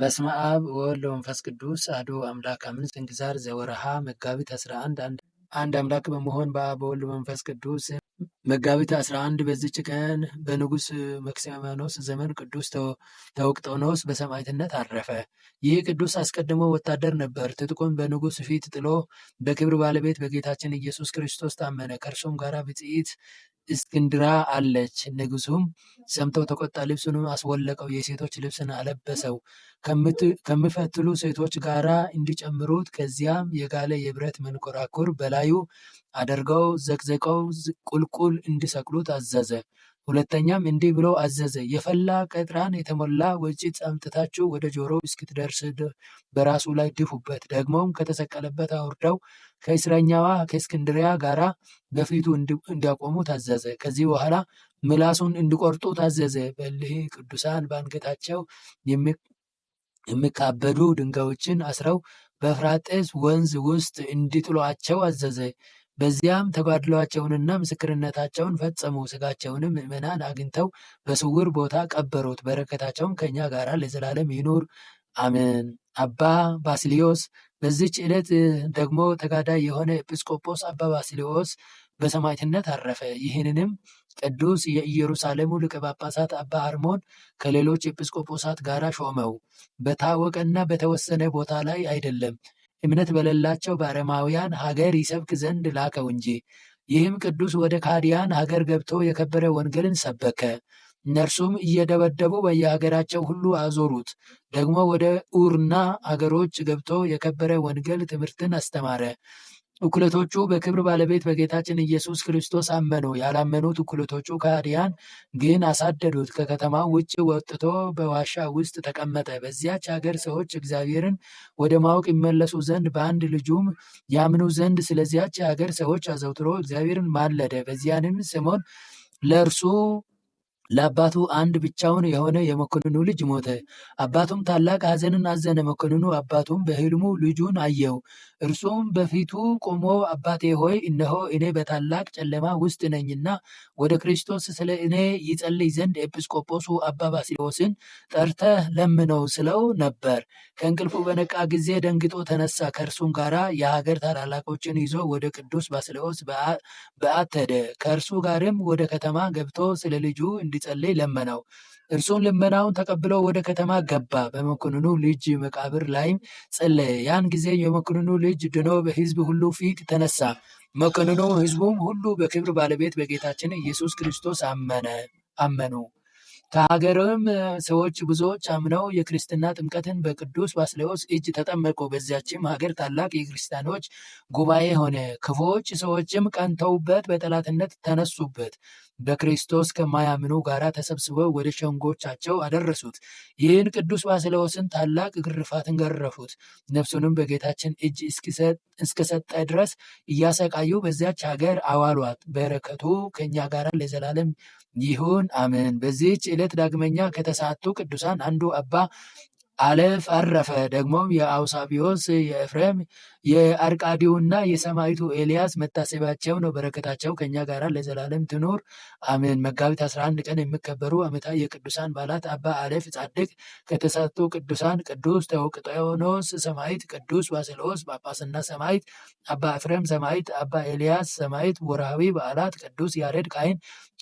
በስመ አብ ወወልድ ወመንፈስ ቅዱስ አሐዱ አምላክ አሜን። ስንክሳር ዘወርኀ መጋቢት 11 አንድ አምላክ በመሆን በአብ በወልድ በመንፈስ ቅዱስ መጋቢት 11 በዚች ቀን በንጉሥ መክሲማኖስ ዘመን ቅዱስ ተውቅጦኖስ በሰማዕትነት አረፈ። ይህ ቅዱስ አስቀድሞ ወታደር ነበር። ትጥቁን በንጉሥ ፊት ጥሎ በክብር ባለቤት በጌታችን ኢየሱስ ክርስቶስ ታመነ። ከእርሱም ጋር ብጽኢት እስክንድራ አለች። ንጉሱም ሰምተው ተቆጣ ልብሱንም አስወለቀው፣ የሴቶች ልብስን አለበሰው፣ ከሚፈትሉ ሴቶች ጋር እንዲጨምሩት። ከዚያም የጋለ የብረት መንኮራኩር በላዩ አድርገው ዘቅዝቀው ቁልቁል እንዲሰቅሉት አዘዘ። ሁለተኛም እንዲህ ብሎ አዘዘ፣ የፈላ ቀጥራን የተሞላ ወጭት አምጥታችሁ ወደ ጆሮው እስክትደርስ በራሱ ላይ ድፉበት። ደግሞም ከተሰቀለበት አውርደው ከእስረኛዋ ከእስክንድሪያ ጋራ በፊቱ እንዲያቆሙ ታዘዘ። ከዚህ በኋላ ምላሱን እንዲቆርጡ ታዘዘ። በእልህ ቅዱሳን በአንገታቸው የሚካበዱ ድንጋዮችን አስረው በፍራጤስ ወንዝ ውስጥ እንዲጥሏቸው አዘዘ። በዚያም ተጋድሏቸውንና ምስክርነታቸውን ፈጸሙ። ስጋቸውንም ምዕመናን አግኝተው በስውር ቦታ ቀበሩት። በረከታቸውም ከእኛ ጋር ለዘላለም ይኑር አሜን። አባ ባስሊዮስ በዚች ዕለት ደግሞ ተጋዳይ የሆነ ኤጲስቆጶስ አባ ባስሊዮስ በሰማዕትነት አረፈ። ይህንንም ቅዱስ የኢየሩሳሌሙ ሊቀ ጳጳሳት አባ አርሞን ከሌሎች ኤጲስቆጶሳት ጋር ሾመው። በታወቀና በተወሰነ ቦታ ላይ አይደለም እምነት በሌላቸው በአረማውያን ሀገር ይሰብክ ዘንድ ላከው እንጂ። ይህም ቅዱስ ወደ ካዲያን ሀገር ገብቶ የከበረ ወንጌልን ሰበከ። እነርሱም እየደበደቡ በየሀገራቸው ሁሉ አዞሩት። ደግሞ ወደ ኡርና አገሮች ገብቶ የከበረ ወንጌል ትምህርትን አስተማረ። እኩለቶቹ በክብር ባለቤት በጌታችን ኢየሱስ ክርስቶስ አመኑ። ያላመኑት እኩለቶቹ ከአዲያን ግን አሳደዱት፣ ከከተማው ውጭ ወጥቶ በዋሻ ውስጥ ተቀመጠ። በዚያች አገር ሰዎች እግዚአብሔርን ወደ ማወቅ ይመለሱ ዘንድ በአንድ ልጁም ያምኑ ዘንድ ስለዚያች አገር ሰዎች አዘውትሮ እግዚአብሔርን ማለደ። በዚያንም ስምዖን ለእርሱ ለአባቱ አንድ ብቻውን የሆነ የመኮንኑ ልጅ ሞተ። አባቱም ታላቅ ሐዘንን አዘነ። መኮንኑ አባቱም በሕልሙ ልጁን አየው። እርሱም በፊቱ ቆሞ አባቴ ሆይ እነሆ እኔ በታላቅ ጨለማ ውስጥ ነኝና ወደ ክርስቶስ ስለ እኔ ይጸልይ ዘንድ ኤጲስቆጶሱ አባ ባስልዮስን ጠርተህ ለምነው ስለው ነበር። ከእንቅልፉ በነቃ ጊዜ ደንግጦ ተነሳ። ከእርሱም ጋራ የሀገር ታላላቆችን ይዞ ወደ ቅዱስ ባስልዮስ በአተደ ሄደ። ከእርሱ ጋርም ወደ ከተማ ገብቶ ስለ ልጁ እንዲጸልይ ለመናው። እርሱን ልመናውን ተቀብሎ ወደ ከተማ ገባ፣ በመኮንኑ ልጅ መቃብር ላይም ጸለየ። ያን ጊዜ የመኮንኑ ልጅ ድኖ በሕዝብ ሁሉ ፊት ተነሳ። መኮንኑ ሕዝቡም ሁሉ በክብር ባለቤት በጌታችን ኢየሱስ ክርስቶስ አመነ አመኑ። ከሀገርም ሰዎች ብዙዎች አምነው የክርስትና ጥምቀትን በቅዱስ ባስሌዎስ እጅ ተጠመቁ። በዚያችም ሀገር ታላቅ የክርስቲያኖች ጉባኤ ሆነ። ክፉዎች ሰዎችም ቀንተውበት በጠላትነት ተነሱበት። በክርስቶስ ከማያምኑ ጋራ ተሰብስበው ወደ ሸንጎቻቸው አደረሱት። ይህን ቅዱስ ባስሌዎስን ታላቅ ግርፋትን ገረፉት። ነፍሱንም በጌታችን እጅ እስከሰጠ ድረስ እያሰቃዩ በዚያች ሀገር አዋሏት። በረከቱ ከእኛ ጋር ለዘላለም ይሁን አምን። በዚህች ዕለት ዳግመኛ ከተሳቱ ቅዱሳን አንዱ አባ አለፍ አረፈ። ደግሞም የአውሳቢዎስ የኤፍሬም የአርቃዲውና የሰማይቱ ኤልያስ መታሰቢያቸው ነው። በረከታቸው ከኛ ጋር ለዘላለም ትኑር አሜን። መጋቢት 11 ቀን የሚከበሩ ዓመታዊ የቅዱሳን በዓላት አባ አለፍ ጻድቅ ከተሳቱ ቅዱሳን ቅዱስ ተውቅጦኖስ ሰማይት፣ ቅዱስ ባስልዮስ ጳጳስና ሰማይት፣ አባ ኤፍሬም ሰማይት፣ አባ ኤልያስ ሰማይት። ወርኃዊ በዓላት ቅዱስ ያሬድ ካህን፣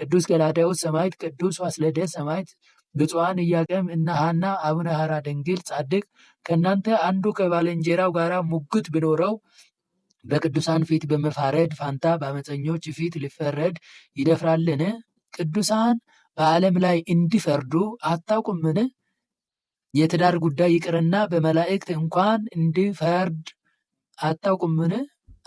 ቅዱስ ገላውዴዎስ ሰማይት ቅዱስ ፋስለደስ ሰማይት። ብፁዓን ኢያቄም እና ሐና አቡነ ሐራ ድንግል ጻድቅ ከእናንተ አንዱ ከባልንጀራው ጋር ሙግት ቢኖረው በቅዱሳን ፊት በመፋረድ ፋንታ በአመፀኞች ፊት ሊፈረድ ይደፍራልን? ቅዱሳን በዓለም ላይ እንዲፈርዱ አታውቁምን? የትዳር ጉዳይ ይቅርና በመላእክት እንኳን እንዲፈርድ አታውቁምን?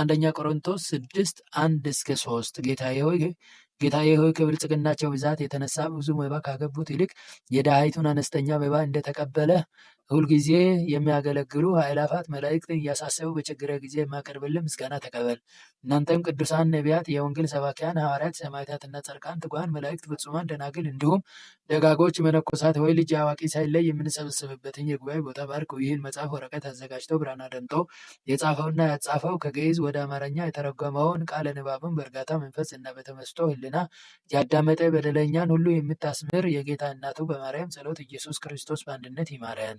አንደኛ ቆሮንቶስ ስድስት አንድ እስከ ሶስት ጌታ ሆይ ጌታዬ ሆይ ከብልጽግናቸው ብዛት የተነሳ ብዙ መባ ካገቡት ይልቅ የድሃይቱን አነስተኛ መባ እንደተቀበለ ሁልጊዜ የሚያገለግሉ ኃይላፋት መላእክትን እያሳሰቡ በችግረ ጊዜ የማቀርብልን ምስጋና ተቀበል። እናንተም ቅዱሳን ነቢያት፣ የወንጌል ሰባኪያን ሐዋርያት፣ ሰማዕታትና ጻድቃን፣ ትጉሃን መላእክት፣ ፍጹማን ደናግል እንዲሁም ደጋጎች መነኮሳት ወይ ልጅ አዋቂ ሳይለይ የምንሰበሰብበትን የጉባኤ ቦታ ባርክ። ይህን መጽሐፍ ወረቀት አዘጋጅተው ብራና ደምጦ የጻፈውና ያጻፈው ከግዕዝ ወደ አማርኛ የተረጎመውን ቃለ ንባብን በእርጋታ መንፈስ እና በተመስጦ ህልና ያዳመጠ በደለኛን ሁሉ የምታስምር የጌታ እናቱ በማርያም ጸሎት ኢየሱስ ክርስቶስ በአንድነት ይማረን።